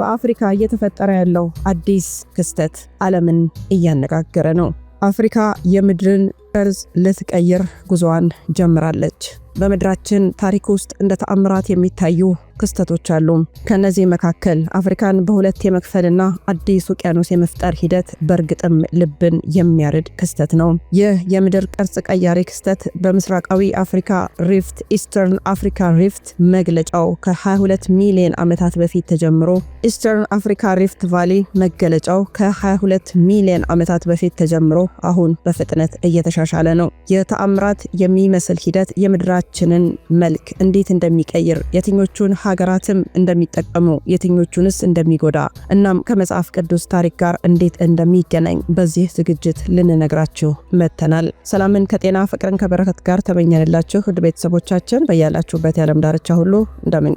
በአፍሪካ እየተፈጠረ ያለው አዲስ ክስተት ዓለምን እያነጋገረ ነው። አፍሪካ የምድርን ቅርጽ ልትቀይር ጉዞዋን ጀምራለች። በምድራችን ታሪክ ውስጥ እንደ ተአምራት የሚታዩ ክስተቶች አሉ። ከእነዚህ መካከል አፍሪካን በሁለት የመክፈልና አዲስ ውቅያኖስ የመፍጠር ሂደት በእርግጥም ልብን የሚያርድ ክስተት ነው። ይህ የምድር ቅርጽ ቀያሪ ክስተት በምስራቃዊ አፍሪካ ሪፍት፣ ኢስተርን አፍሪካ ሪፍት መግለጫው ከ22 ሚሊዮን ዓመታት በፊት ተጀምሮ ኢስተርን አፍሪካ ሪፍት ቫሊ መገለጫው ከ22 ሚሊዮን ዓመታት በፊት ተጀምሮ አሁን በፍጥነት እየተሻሻለ ነው። የተአምራት የሚመስል ሂደት የምድራ የዓለማችንን መልክ እንዴት እንደሚቀይር፣ የትኞቹን ሀገራትም እንደሚጠቀሙ፣ የትኞቹንስ እንደሚጎዳ እናም ከመጽሐፍ ቅዱስ ታሪክ ጋር እንዴት እንደሚገናኝ በዚህ ዝግጅት ልንነግራችሁ መጥተናል። ሰላምን ከጤና ፍቅርን ከበረከት ጋር ተመኘንላችሁ ውድ ቤተሰቦቻችን በያላችሁበት የዓለም ዳርቻ ሁሉ እንደምን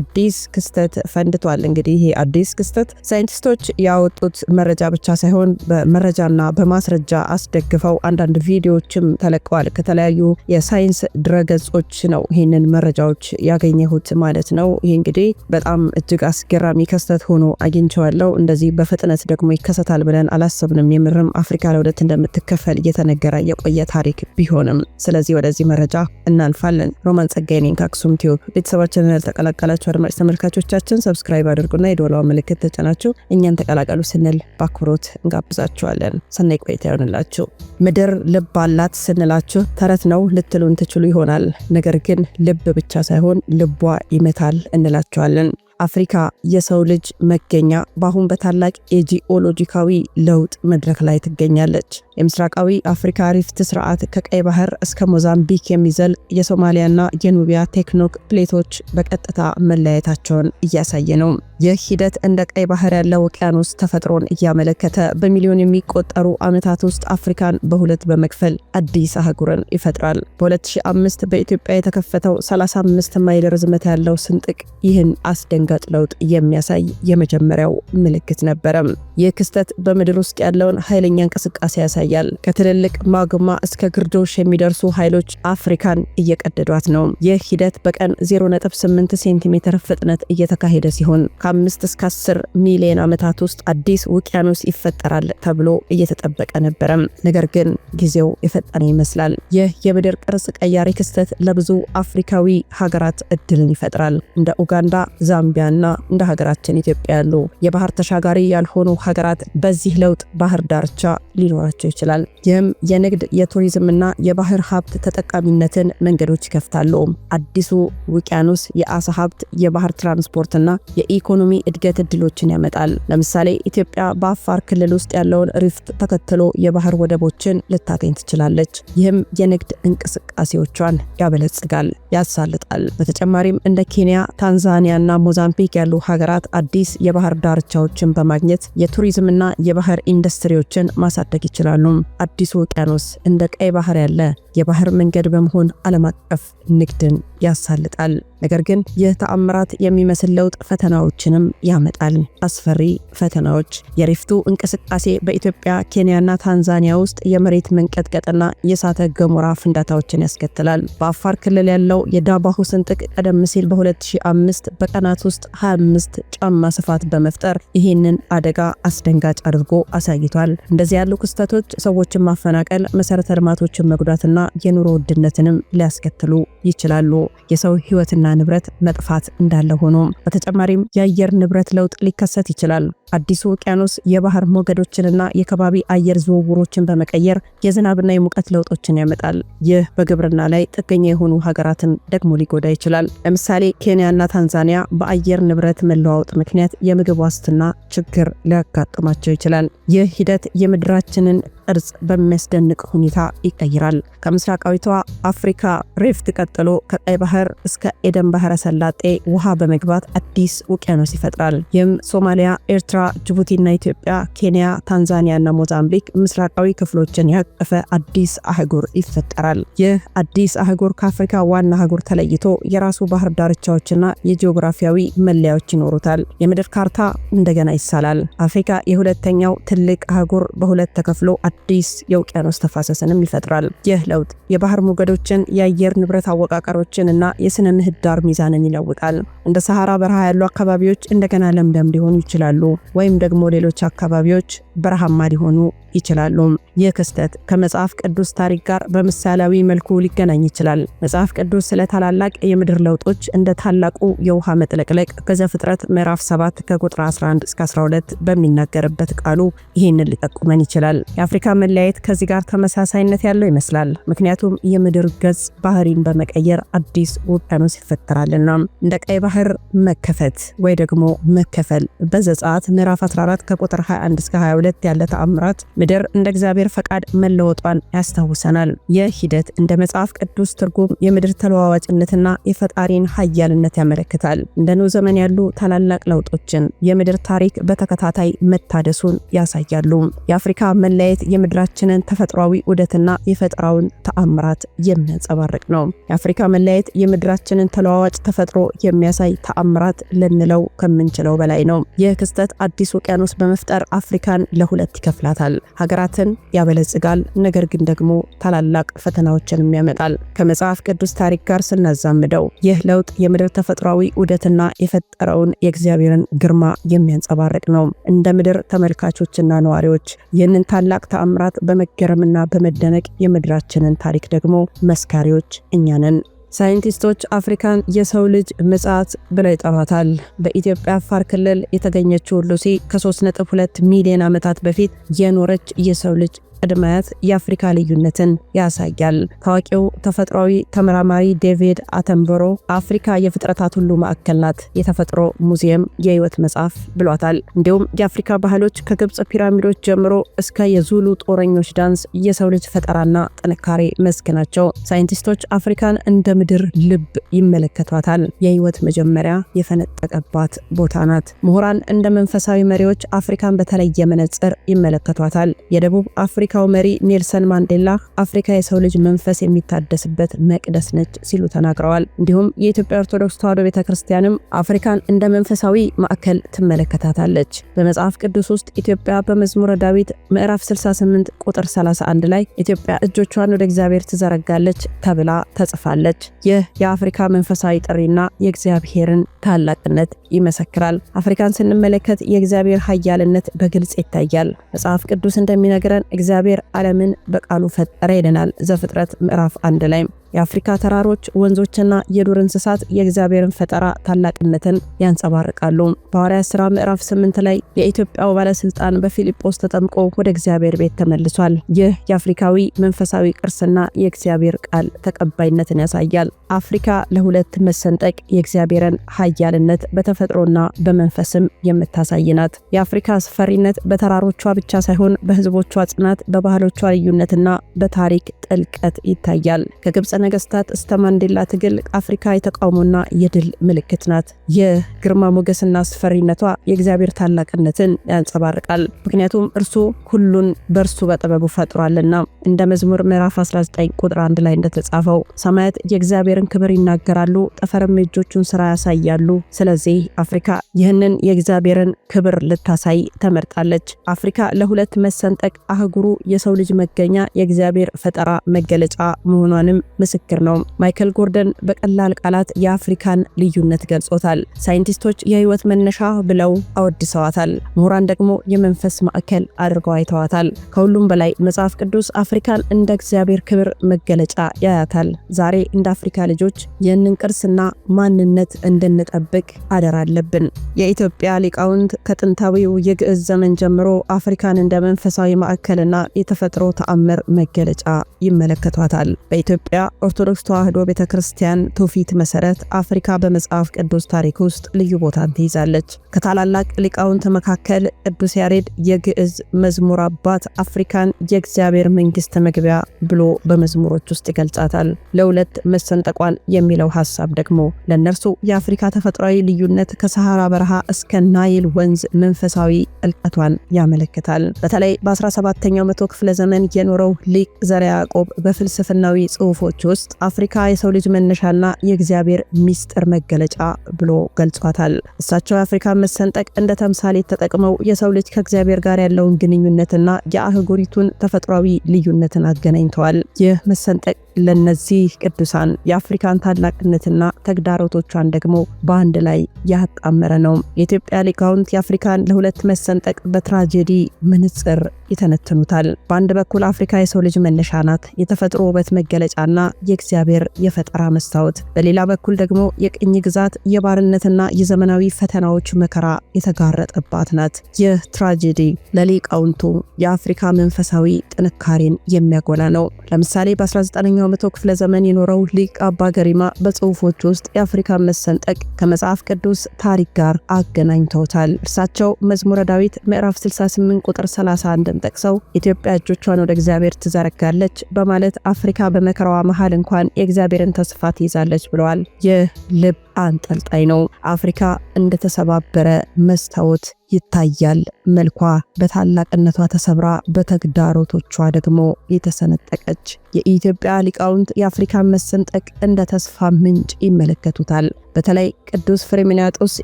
አዲስ ክስተት ፈንድቷል። እንግዲህ ይሄ አዲስ ክስተት ሳይንቲስቶች ያወጡት መረጃ ብቻ ሳይሆን በመረጃና በማስረጃ አስደግፈው አንዳንድ ቪዲዮዎችም ተለቀዋል ከተለያዩ የሳይንስ ድረ ገጾች ነው ይህንን መረጃዎች ያገኘሁት ማለት ነው። ይህ እንግዲህ በጣም እጅግ አስገራሚ ክስተት ሆኖ አግኝቸዋለው። እንደዚህ በፍጥነት ደግሞ ይከሰታል ብለን አላሰብንም። የምርም አፍሪካ ለሁለት እንደምትከፈል እየተነገረ የቆየ ታሪክ ቢሆንም፣ ስለዚህ ወደዚህ መረጃ እናልፋለን። ሮማን ጸጋዬ ነኝ ከአክሱም ቲዩብ። ቤተሰባችንን ያልተቀላቀላችሁ አድማጭ ተመልካቾቻችን ሰብስክራይብ አድርጉና የዶላዋ ምልክት ተጭናችሁ እኛን ተቀላቀሉ ስንል በአክብሮት እንጋብዛችኋለን። ሰናይ ቆይታ ይሆንላችሁ። ምድር ልብ አላት ስንላችሁ ተረት ነው ልትሉን ትችሉ ይሆናል ይሆናል። ነገር ግን ልብ ብቻ ሳይሆን ልቧ ይመታል እንላቸዋለን። አፍሪካ የሰው ልጅ መገኛ በአሁን በታላቅ የጂኦሎጂካዊ ለውጥ መድረክ ላይ ትገኛለች። የምስራቃዊ አፍሪካ ሪፍት ስርዓት ከቀይ ባህር እስከ ሞዛምቢክ የሚዘልቅ የሶማሊያና የኑቢያ ቴክኖክ ፕሌቶች በቀጥታ መለያየታቸውን እያሳየ ነው። ይህ ሂደት እንደ ቀይ ባህር ያለው ውቅያኖስ ተፈጥሮን እያመለከተ በሚሊዮን የሚቆጠሩ ዓመታት ውስጥ አፍሪካን በሁለት በመክፈል አዲስ አህጉርን ይፈጥራል። በ2005 በኢትዮጵያ የተከፈተው 35 ማይል ርዝመት ያለው ስንጥቅ ይህን አስደንጋ የድንገት ለውጥ የሚያሳይ የመጀመሪያው ምልክት ነበረ። ይህ ክስተት በምድር ውስጥ ያለውን ኃይለኛ እንቅስቃሴ ያሳያል። ከትልልቅ ማግማ እስከ ግርዶሽ የሚደርሱ ኃይሎች አፍሪካን እየቀደዷት ነው። ይህ ሂደት በቀን 0.8 ሴንቲሜትር ፍጥነት እየተካሄደ ሲሆን ከ5 እስከ 10 ሚሊዮን ዓመታት ውስጥ አዲስ ውቅያኖስ ይፈጠራል ተብሎ እየተጠበቀ ነበረም። ነገር ግን ጊዜው የፈጠነ ይመስላል። ይህ የምድር ቅርጽ ቀያሪ ክስተት ለብዙ አፍሪካዊ ሀገራት እድልን ይፈጥራል። እንደ ኡጋንዳ፣ ዛምቢያ ሳውዲና እንደ ሀገራችን ኢትዮጵያ ያሉ የባህር ተሻጋሪ ያልሆኑ ሀገራት በዚህ ለውጥ ባህር ዳርቻ ሊኖራቸው ይችላል። ይህም የንግድ የቱሪዝምና የባህር ሀብት ተጠቃሚነትን መንገዶች ይከፍታሉ። አዲሱ ውቅያኖስ የአሳ ሀብት፣ የባህር ትራንስፖርትና የኢኮኖሚ እድገት እድሎችን ያመጣል። ለምሳሌ ኢትዮጵያ በአፋር ክልል ውስጥ ያለውን ሪፍት ተከትሎ የባህር ወደቦችን ልታገኝ ትችላለች። ይህም የንግድ እንቅስቃሴ እንቅስቃሴዎቿን ያበለጽጋል፣ ያሳልጣል። በተጨማሪም እንደ ኬንያ፣ ታንዛኒያና ሞዛምቢክ ያሉ ሀገራት አዲስ የባህር ዳርቻዎችን በማግኘት የቱሪዝምና የባህር ኢንዱስትሪዎችን ማሳደግ ይችላሉ። አዲሱ ውቅያኖስ እንደ ቀይ ባህር ያለ የባህር መንገድ በመሆን ዓለም አቀፍ ንግድን ያሳልጣል። ነገር ግን ይህ ተአምራት የሚመስል ለውጥ ፈተናዎችንም ያመጣል። አስፈሪ ፈተናዎች። የሪፍቱ እንቅስቃሴ በኢትዮጵያ ኬንያና ታንዛኒያ ውስጥ የመሬት መንቀጥቀጥና የእሳተ ገሞራ ፍንዳታዎችን ያስከትላል። በአፋር ክልል ያለው የዳባሁ ስንጥቅ ቀደም ሲል በ2005 በቀናት ውስጥ 25 ጫማ ስፋት በመፍጠር ይህንን አደጋ አስደንጋጭ አድርጎ አሳይቷል። እንደዚህ ያሉ ክስተቶች ሰዎችን ማፈናቀል፣ መሰረተ ልማቶችን መጉዳትና የኑሮ ውድነትንም ሊያስከትሉ ይችላሉ። የሰው ህይወትና ንብረት መጥፋት እንዳለ ሆኖ በተጨማሪም የአየር ንብረት ለውጥ ሊከሰት ይችላል። አዲሱ ውቅያኖስ የባህር ሞገዶችንና የከባቢ አየር ዝውውሮችን በመቀየር የዝናብና የሙቀት ለውጦችን ያመጣል። ይህ በግብርና ላይ ጥገኛ የሆኑ ሀገራትን ደግሞ ሊጎዳ ይችላል። ለምሳሌ ኬንያና ታንዛኒያ በአየር ንብረት መለዋወጥ ምክንያት የምግብ ዋስትና ችግር ሊያጋጥማቸው ይችላል። ይህ ሂደት የምድራችንን ቅርጽ በሚያስደንቅ ሁኔታ ይቀይራል። ከምስራቃዊቷ አፍሪካ ሪፍት ቀጥሎ ከቀይ ባህር እስከ ኤደን ባህረ ሰላጤ ውሃ በመግባት አዲስ ውቅያኖስ ይፈጥራል። ይህም ሶማሊያ፣ ኤርትራ፣ ጅቡቲና ኢትዮጵያ፣ ኬንያ፣ ታንዛኒያና ሞዛምቢክ ምስራቃዊ ክፍሎችን ያቀፈ አዲስ አህጉር ይፈጠራል። ይህ አዲስ አህጉር ከአፍሪካ ዋና አህጉር ተለይቶ የራሱ ባህር ዳርቻዎችና የጂኦግራፊያዊ መለያዎች ይኖሩታል። የምድር ካርታ እንደገና ይሳላል። አፍሪካ የሁለተኛው ትልቅ አህጉር በሁለት ተከፍሎ አዲስ የውቅያኖስ ተፋሰስንም ይፈጥራል። ይህ ለውጥ የባህር ሞገዶችን የአየር ንብረት አወቃቀሮችን እና የስነ ምህዳር ሚዛንን ይለውጣል። እንደ ሰሃራ በረሃ ያሉ አካባቢዎች እንደገና ለምለም ሊሆኑ ይችላሉ፣ ወይም ደግሞ ሌሎች አካባቢዎች በረሃማ ሊሆኑ ይችላሉ። ይህ ክስተት ከመጽሐፍ ቅዱስ ታሪክ ጋር በምሳሌያዊ መልኩ ሊገናኝ ይችላል። መጽሐፍ ቅዱስ ስለ ታላላቅ የምድር ለውጦች እንደ ታላቁ የውሃ መጥለቅለቅ ከዘፍጥረት ምዕራፍ 7 ከቁጥር 11 እስከ 12 በሚናገርበት ቃሉ ይህንን ሊጠቁመን ይችላል። የአፍሪካ መለያየት ከዚህ ጋር ተመሳሳይነት ያለው ይመስላል። ምክንያቱም የምድር ገጽ ባህሪን በመቀየር አዲስ ውቅያኖስ ይፈጠራልና እንደ ቀይ ባህር ባህር መከፈት ወይ ደግሞ መከፈል በዘጸአት ምዕራፍ 14 ከቁጥር 21 እስከ 22 ያለ ተአምራት ምድር እንደ እግዚአብሔር ፈቃድ መለወጧን ያስታውሰናል። ይህ ሂደት እንደ መጽሐፍ ቅዱስ ትርጉም የምድር ተለዋዋጭነትና የፈጣሪን ኃያልነት ያመለክታል። እንደ ኖህ ዘመን ያሉ ታላላቅ ለውጦችን የምድር ታሪክ በተከታታይ መታደሱን ያሳያሉ። የአፍሪካ መለያየት የምድራችንን ተፈጥሯዊ ውደትና የፈጠራውን ተአምራት የሚያንጸባርቅ ነው። የአፍሪካ መለያየት የምድራችንን ተለዋዋጭ ተፈጥሮ የሚያሳ ተመሳሳይ ተአምራት ልንለው ከምንችለው በላይ ነው። ይህ ክስተት አዲስ ውቅያኖስ በመፍጠር አፍሪካን ለሁለት ይከፍላታል። ሀገራትን ያበለጽጋል፣ ነገር ግን ደግሞ ታላላቅ ፈተናዎችንም ያመጣል። ከመጽሐፍ ቅዱስ ታሪክ ጋር ስናዛምደው ይህ ለውጥ የምድር ተፈጥሯዊ ውደትና የፈጠረውን የእግዚአብሔርን ግርማ የሚያንጸባርቅ ነው። እንደ ምድር ተመልካቾችና ነዋሪዎች ይህንን ታላቅ ተአምራት በመገረምና በመደነቅ የምድራችንን ታሪክ ደግሞ መስካሪዎች እኛንን ሳይንቲስቶች አፍሪካን የሰው ልጅ ምጽዓት ብለው ይጠሯታል። በኢትዮጵያ አፋር ክልል የተገኘችው ሉሲ ከ3.2 ሚሊዮን ዓመታት በፊት የኖረች የሰው ልጅ ቅድመት የአፍሪካ ልዩነትን ያሳያል። ታዋቂው ተፈጥሯዊ ተመራማሪ ዴቪድ አተንበሮ አፍሪካ የፍጥረታት ሁሉ ማዕከል ናት፣ የተፈጥሮ ሙዚየም፣ የህይወት መጽሐፍ ብሏታል። እንዲሁም የአፍሪካ ባህሎች ከግብፅ ፒራሚዶች ጀምሮ እስከ የዙሉ ጦረኞች ዳንስ የሰው ልጅ ፈጠራና ጥንካሬ መስክ ናቸው። ሳይንቲስቶች አፍሪካን እንደ ምድር ልብ ይመለከቷታል። የህይወት መጀመሪያ የፈነጠቀባት ቦታ ናት። ምሁራን እንደ መንፈሳዊ መሪዎች አፍሪካን በተለየ መነጽር ይመለከቷታል። የደቡብ አፍሪካ የአፍሪካው መሪ ኔልሰን ማንዴላ አፍሪካ የሰው ልጅ መንፈስ የሚታደስበት መቅደስ ነች ሲሉ ተናግረዋል። እንዲሁም የኢትዮጵያ ኦርቶዶክስ ተዋሕዶ ቤተ ክርስቲያንም አፍሪካን እንደ መንፈሳዊ ማዕከል ትመለከታታለች። በመጽሐፍ ቅዱስ ውስጥ ኢትዮጵያ በመዝሙረ ዳዊት ምዕራፍ 68 ቁጥር 31 ላይ ኢትዮጵያ እጆቿን ወደ እግዚአብሔር ትዘረጋለች ተብላ ተጽፋለች። ይህ የአፍሪካ መንፈሳዊ ጥሪና የእግዚአብሔርን ታላቅነት ይመሰክራል። አፍሪካን ስንመለከት የእግዚአብሔር ኃያልነት በግልጽ ይታያል። መጽሐፍ ቅዱስ እንደሚነግረን እግዚአብሔር ዓለምን በቃሉ ፈጠረ ይለናል። ዘፍጥረት ምዕራፍ አንድ ላይ የአፍሪካ ተራሮች፣ ወንዞችና የዱር እንስሳት የእግዚአብሔርን ፈጠራ ታላቅነትን ያንጸባርቃሉ። በሐዋርያ ሥራ ምዕራፍ 8 ላይ የኢትዮጵያው ባለስልጣን በፊልጶስ ተጠምቆ ወደ እግዚአብሔር ቤት ተመልሷል። ይህ የአፍሪካዊ መንፈሳዊ ቅርስና የእግዚአብሔር ቃል ተቀባይነትን ያሳያል። አፍሪካ ለሁለት መሰንጠቅ የእግዚአብሔርን ኃያልነት በተፈጥሮና በመንፈስም የምታሳይ ናት። የአፍሪካ አስፈሪነት በተራሮቿ ብቻ ሳይሆን በህዝቦቿ ጽናት፣ በባህሎቿ ልዩነትና በታሪክ ጥልቀት ይታያል። ከግብፅ ነገስታት እስከ ማንዴላ ትግል አፍሪካ የተቃውሞና የድል ምልክት ናት። የግርማ ሞገስና አስፈሪነቷ የእግዚአብሔር ታላቅነትን ያንጸባርቃል። ምክንያቱም እርሱ ሁሉን በእርሱ በጥበቡ ፈጥሯልና። እንደ መዝሙር ምዕራፍ 19 ቁጥር 1 ላይ እንደተጻፈው ሰማያት የእግዚአብሔርን ክብር ይናገራሉ፣ ጠፈርም እጆቹን ስራ ያሳያሉ። ስለዚህ አፍሪካ ይህንን የእግዚአብሔርን ክብር ልታሳይ ተመርጣለች። አፍሪካ ለሁለት መሰንጠቅ አህጉሩ የሰው ልጅ መገኛ፣ የእግዚአብሔር ፈጠራ መገለጫ መሆኗንም ምስክር ነው። ማይከል ጎርደን በቀላል ቃላት የአፍሪካን ልዩነት ገልጾታል። ሳይንቲስቶች የህይወት መነሻ ብለው አወድሰዋታል። ምሁራን ደግሞ የመንፈስ ማዕከል አድርገው አይተዋታል። ከሁሉም በላይ መጽሐፍ ቅዱስ አፍሪካን እንደ እግዚአብሔር ክብር መገለጫ ያያታል። ዛሬ እንደ አፍሪካ ልጆች ይህንን ቅርስና ማንነት እንድንጠብቅ አደራ አለብን። የኢትዮጵያ ሊቃውንት ከጥንታዊው የግዕዝ ዘመን ጀምሮ አፍሪካን እንደ መንፈሳዊ ማዕከልና የተፈጥሮ ተአምር መገለጫ ይመለከቷታል። በኢትዮጵያ ኦርቶዶክስ ተዋሕዶ ቤተ ክርስቲያን ትውፊት መሰረት አፍሪካ በመጽሐፍ ቅዱስ ታሪክ ውስጥ ልዩ ቦታን ትይዛለች። ከታላላቅ ሊቃውንት መካከል ቅዱስ ያሬድ የግዕዝ መዝሙር አባት አፍሪካን የእግዚአብሔር መንግስት መግቢያ ብሎ በመዝሙሮች ውስጥ ይገልጻታል። ለሁለት መሰንጠቋን የሚለው ሀሳብ ደግሞ ለእነርሱ የአፍሪካ ተፈጥሯዊ ልዩነት ከሰሃራ በረሃ እስከ ናይል ወንዝ መንፈሳዊ ጥልቀቷን ያመለክታል። በተለይ በ17ኛው መቶ ክፍለ ዘመን የኖረው ሊቅ ዘርዓ ያዕቆብ ያዕቆብ በፍልስፍናዊ ጽሑፎች ውስጥ አፍሪካ የሰው ልጅ መነሻና የእግዚአብሔር ሚስጥር መገለጫ ብሎ ገልጿታል። እሳቸው የአፍሪካ መሰንጠቅ እንደ ተምሳሌት ተጠቅመው የሰው ልጅ ከእግዚአብሔር ጋር ያለውን ግንኙነትና የአህጉሪቱን ተፈጥሯዊ ልዩነትን አገናኝተዋል። ይህ መሰንጠቅ ለነዚህ ቅዱሳን የአፍሪካን ታላቅነትና ተግዳሮቶቿን ደግሞ በአንድ ላይ ያጣመረ ነው። የኢትዮጵያ ሊቃውንት የአፍሪካን ለሁለት መሰንጠቅ በትራጀዲ መነጽር ይተነትኑታል። በአንድ በኩል አፍሪካ የሰው ልጅ መነሻ ናት። መብዛት የተፈጥሮ ውበት መገለጫና የእግዚአብሔር የፈጠራ መስታወት፣ በሌላ በኩል ደግሞ የቅኝ ግዛት የባርነትና የዘመናዊ ፈተናዎች መከራ የተጋረጠባት ናት። ይህ ትራጀዲ ለሊቃውንቱ የአፍሪካ መንፈሳዊ ጥንካሬን የሚያጎላ ነው። ለምሳሌ በ19ኛው መቶ ክፍለ ዘመን የኖረው ሊቅ አባ ገሪማ በጽሁፎች ውስጥ የአፍሪካን መሰንጠቅ ከመጽሐፍ ቅዱስ ታሪክ ጋር አገናኝተውታል። እርሳቸው መዝሙረ ዳዊት ምዕራፍ 68 ቁጥር 31ን ጠቅሰው ኢትዮጵያ እጆቿን ወደ እግዚአብሔር ትዘረጋለች፣ በማለት አፍሪካ በመከራዋ መሃል እንኳን የእግዚአብሔርን ተስፋ ትይዛለች ብለዋል። ይህ ልብ አንጠልጣይ ነው። አፍሪካ እንደተሰባበረ መስታወት ይታያል። መልኳ በታላቅነቷ ተሰብራ በተግዳሮቶቿ ደግሞ የተሰነጠቀች። የኢትዮጵያ ሊቃውንት የአፍሪካን መሰንጠቅ እንደ ተስፋ ምንጭ ይመለከቱታል። በተለይ ቅዱስ ፍሬምናጦስ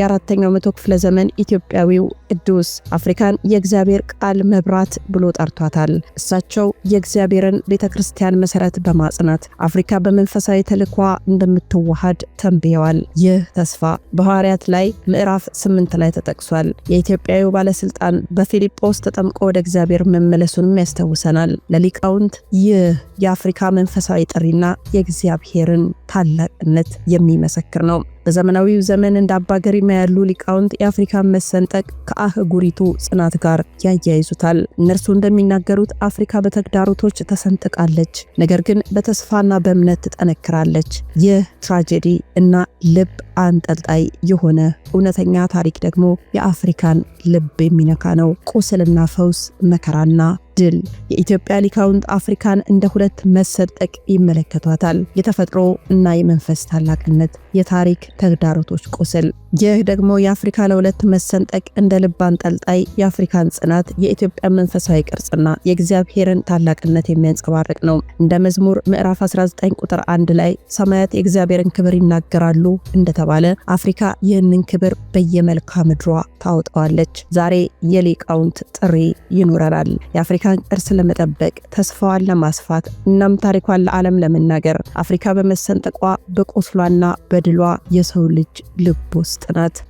የአራተኛው መቶ ክፍለ ዘመን ኢትዮጵያዊው ቅዱስ አፍሪካን የእግዚአብሔር ቃል መብራት ብሎ ጠርቷታል። እሳቸው የእግዚአብሔርን ቤተ ክርስቲያን መሰረት በማጽናት አፍሪካ በመንፈሳዊ ተልኳ እንደምትዋሃድ ተንብየዋል። ይህ ተስፋ በሐዋርያት ላይ ምዕራፍ 8 ላይ ተጠቅሷል። የኢትዮጵያዊ ባለስልጣን በፊልጶስ ተጠምቆ ወደ እግዚአብሔር መመለሱንም ያስታውሰናል። ለሊቃውንት ይህ የአፍሪካ መንፈሳዊ ጥሪና የእግዚአብሔርን ታላቅነት የሚመሰክር ነው። በዘመናዊው ዘመን እንደ አባገሪማ ያሉ ሊቃውንት የአፍሪካን መሰንጠቅ ከአህጉሪቱ ጽናት ጋር ያያይዙታል። እነርሱ እንደሚናገሩት አፍሪካ በተግዳሮቶች ተሰንጥቃለች፣ ነገር ግን በተስፋና በእምነት ትጠነክራለች። ይህ ትራጀዲ እና ልብ አንጠልጣይ የሆነ እውነተኛ ታሪክ ደግሞ የአፍሪካን ልብ የሚነካ ነው። ቁስልና ፈውስ፣ መከራና ድል የኢትዮጵያ ሊቃውንት አፍሪካን እንደ ሁለት መሰጠቅ ይመለከቷታል። የተፈጥሮ እና የመንፈስ ታላቅነት፣ የታሪክ ተግዳሮቶች ቁስል ይህ ደግሞ የአፍሪካ ለሁለት መሰንጠቅ እንደ ልብ አንጠልጣይ የአፍሪካን ጽናት፣ የኢትዮጵያን መንፈሳዊ ቅርጽና የእግዚአብሔርን ታላቅነት የሚያንጸባርቅ ነው። እንደ መዝሙር ምዕራፍ 19 ቁጥር 1 ላይ ሰማያት የእግዚአብሔርን ክብር ይናገራሉ እንደተባለ አፍሪካ ይህንን ክብር በየመልካ ምድሯ ታውጠዋለች። ዛሬ የሊቃውንት ጥሪ ይኑረናል። የአፍሪካን ቅርስ ለመጠበቅ ተስፋዋን ለማስፋት እናም ታሪኳን ለዓለም ለመናገር አፍሪካ በመሰንጠቋ በቆስሏና በድሏ የሰው ልጅ ልብ ውስጥ ጥናት